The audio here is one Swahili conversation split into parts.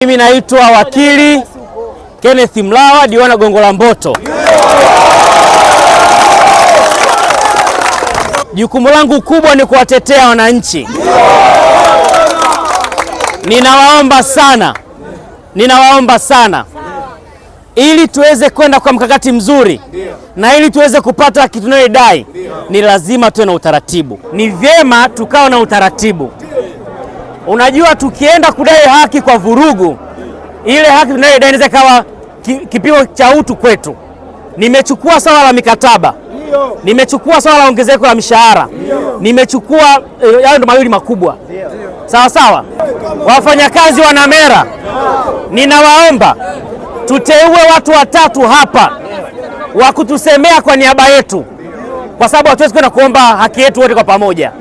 Mimi naitwa wakili Kenneth Mlawa, diwani Gongo la Mboto. Jukumu langu kubwa ni kuwatetea wananchi. Ninawaomba sana, ninawaomba sana, ili tuweze kwenda kwa mkakati mzuri na ili tuweze kupata kitu tunayodai, ni lazima tuwe na utaratibu. Ni vyema tukawa na utaratibu. Unajua, tukienda kudai haki kwa vurugu, ile haki tunayodai inaweza ikawa kipimo cha utu kwetu. Nimechukua swala la mikataba, nimechukua swala la ongezeko la mishahara, nimechukua eh, hayo, ndo mawili makubwa. Sawa sawa, wafanyakazi wa Namera, ninawaomba tuteue watu watatu hapa wa kutusemea kwa niaba yetu, kwa sababu hatuwezi kwenda kuomba haki yetu wote kwa pamoja,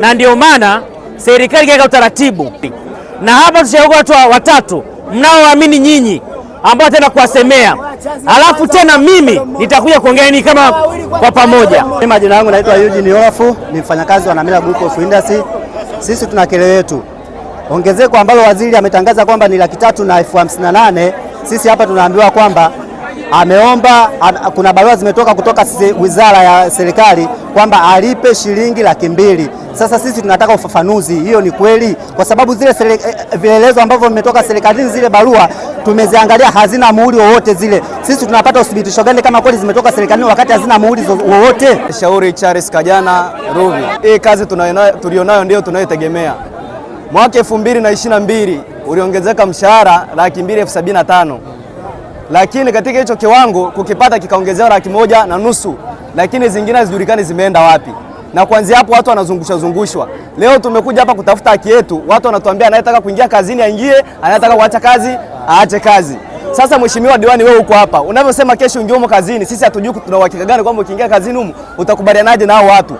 na ndio maana serikali ikiweka utaratibu. Na hapa tushaweka watu watatu mnaoamini nyinyi, ambao tena kuwasemea, alafu tena mimi nitakuja kuongea ni kama kwa pamoja. Mimi majina yangu naitwa Eugene Olafu, ni mfanyakazi wa namela Group of Industry. Sisi tuna kelele yetu ongezeko ambalo waziri ametangaza kwamba ni laki tatu na elfu hamsini na nane. Sisi hapa tunaambiwa kwamba ameomba kuna barua zimetoka kutoka wizara ya serikali kwamba alipe shilingi laki mbili. Sasa sisi tunataka ufafanuzi, hiyo ni kweli? Kwa sababu zile vielezo eh, eh, vielelezo ambavyo vimetoka serikalini, zile barua tumeziangalia, hazina muhuri wowote zile. Sisi tunapata uthibitisho gani kama kweli zimetoka serikalini wakati hazina muhuri wowote? Shauri Charles Kajana Ruvi, hii kazi tulionayo ndio tunayotegemea. Mwaka 2022 uliongezeka mshahara laki mbili elfu sabini na tano lakini katika hicho kiwango kukipata kikaongezewa laki moja na nusu, lakini zingine hazijulikani zimeenda wapi. Na kuanzia hapo watu wanazungushwa zungushwa. Leo tumekuja hapa kutafuta haki yetu, watu wanatuambia anayetaka kuingia kazini aingie, anayetaka kuacha kazi aache kazi. Sasa mheshimiwa diwani, wewe uko hapa unavyosema, kesho ingia humo kazini, sisi hatujui tuna uhakika gani kwamba ukiingia kazini humo utakubalianaje na hao watu.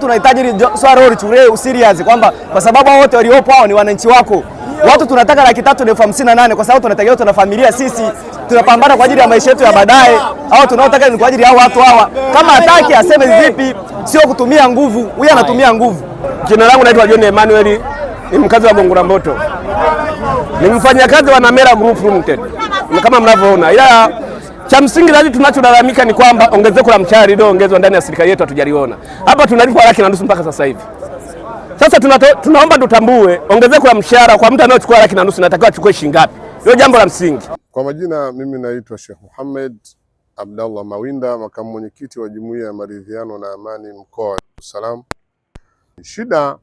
Tunahitaji swala hili lichukuliwe seriously kwamba kwa sababu wote waliopo hao ni wananchi wako. Watu tunataka laki tatu na elfu hamsini na nane kwa sababu tunategemea, tuna familia sisi, tunapambana kwa ajili ya maisha yetu ya baadaye. Hao tunaotaka ni kwa ajili ya watu hawa. Kama hataki aseme vipi, sio kutumia nguvu. Huyu anatumia nguvu. Jina langu naitwa John Emmanuel, ni mkazi wa Gongora Mboto, ni mfanyakazi wa Namera Group Limited kama mnavyoona, ila cha msingi zaidi tunacholalamika ni kwamba ongezeko la mshahara lililoongezwa ndani ya serikali yetu hatujaliona. Hapa tunalipwa laki na nusu mpaka sasa hivi. Sasa tunato, tunaomba tutambue ongezeko la mshahara kwa mtu anayochukua laki na nusu natakiwa achukue shilingi ngapi? Hiyo jambo la msingi. Kwa majina mimi naitwa Sheikh Muhammad Abdallah Mawinda, makamu mwenyekiti wa Jumuiya ya Maridhiano na Amani mkoa wa Dar es Salaam. Shida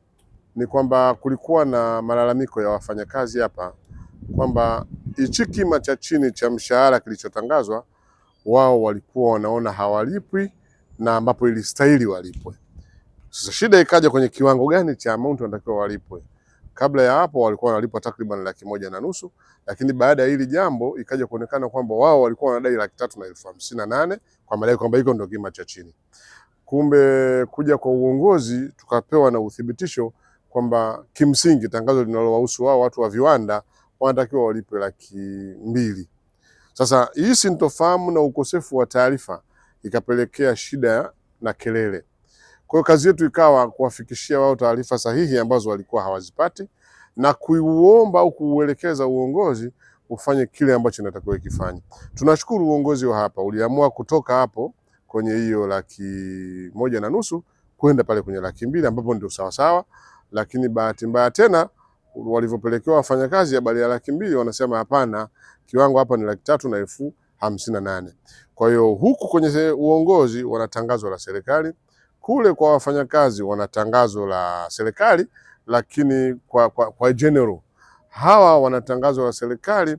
ni kwamba kulikuwa na malalamiko ya wafanyakazi hapa kwamba hichi kima cha chini cha mshahara kilichotangazwa wao walikuwa wanaona hawalipwi na ambapo ilistahili walipwe. Sasa shida ikaja kwenye kiwango gani cha amount wanatakiwa walipwe. Kabla ya hapo walikuwa wanalipwa takriban laki moja na nusu, lakini baada ya hili jambo ikaja kuonekana kwamba wao walikuwa wanadai laki tatu na elfu hamsini na nane kwa madai kwamba hiko ndio kima cha chini. Kumbe kuja kwa uongozi tukapewa na uthibitisho kwamba kimsingi tangazo linalowahusu wao watu wa viwanda wanatakiwa walipe laki mbili. Sasa hii sintofahamu na ukosefu wa taarifa ikapelekea shida na kelele. Kwa hiyo kazi yetu ikawa kuwafikishia wao taarifa sahihi ambazo walikuwa hawazipati na kuuomba au kuuelekeza uongozi ufanye kile ambacho inatakiwa kifanye. Tunashukuru uongozi wa hapa uliamua kutoka hapo kwenye hiyo laki moja na nusu kwenda pale kwenye laki mbili ambapo ndio sawa sawa, lakini bahati mbaya tena walivyopelekewa wafanyakazi habari ya laki mbili wanasema hapana, kiwango hapa ni laki tatu na elfu hamsini na nane. Kwa hiyo huku kwenye uongozi wanatangazwa la serikali kule kwa wafanyakazi wana tangazo la serikali, lakini kwa, kwa, kwa general hawa wana tangazo la serikali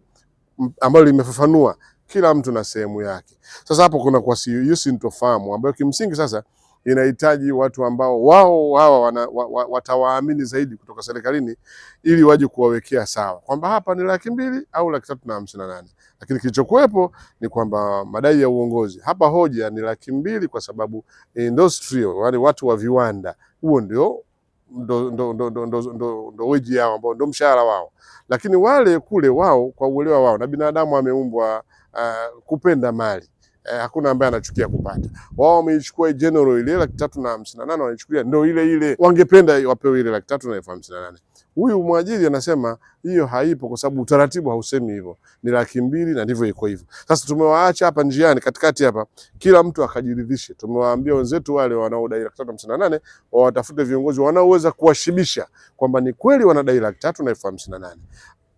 ambalo limefafanua kila mtu na sehemu yake. Sasa hapo kuna kwa sintofahamu ambayo kimsingi sasa inahitaji watu ambao wao hawa wa, watawaamini zaidi kutoka serikalini ili waje kuwawekea sawa kwamba hapa ni laki mbili au laki tatu na hamsini na nane lakini kilichokuwepo ni kwamba madai ya uongozi hapa hoja ni laki mbili kwa sababu industrial, wale watu wa viwanda, huo ndio ndo, ndo, ndo, ndo, ndo, ndo, ndo weji yao ambao ndo mshahara wao, lakini wale kule wao kwa uelewa wao na binadamu ameumbwa uh, kupenda mali eh, hakuna ambaye anachukia kupata. Wao wameichukua general ile laki tatu na hamsini na nane wanaichukulia ndio ile ile, wangependa wapewe ile laki tatu na elfu hamsini na nane. Huyu mwajiri anasema hiyo haipo kwa sababu utaratibu hausemi hivyo, ni laki mbili na ndivyo iko hivyo. Sasa tumewaacha hapa njiani katikati hapa, kila mtu akajiridhishe. Tumewaambia wenzetu wale wanaodai laki tatu hamsini na nane wawatafute viongozi wanaoweza kuwashibisha kwamba ni kweli wanadai laki tatu na elfu hamsini na nane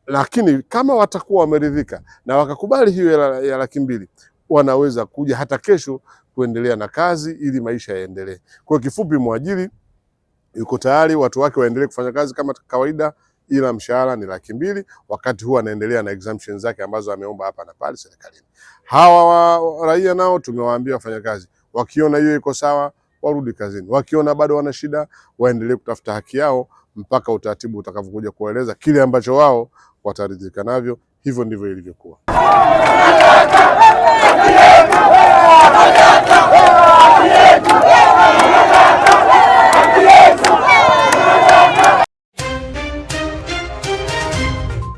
lakini kama watakuwa wameridhika na wakakubali hiyo ya laki mbili, wanaweza kuja hata kesho kuendelea na kazi ili maisha yaendelee. Kwa kifupi, mwajiri yuko tayari watu wake waendelee kufanya kazi kama kawaida, ila mshahara ni laki mbili, wakati huu anaendelea na exemption zake ambazo ameomba hapa na pale serikalini. Hawa raia nao tumewaambia wafanyakazi, wakiona hiyo iko sawa warudi kazini, wakiona bado wana shida waendelee kutafuta haki yao mpaka utaratibu utakavyokuja kueleza kile ambacho wao wataridhika navyo. Hivyo ndivyo ilivyokuwa.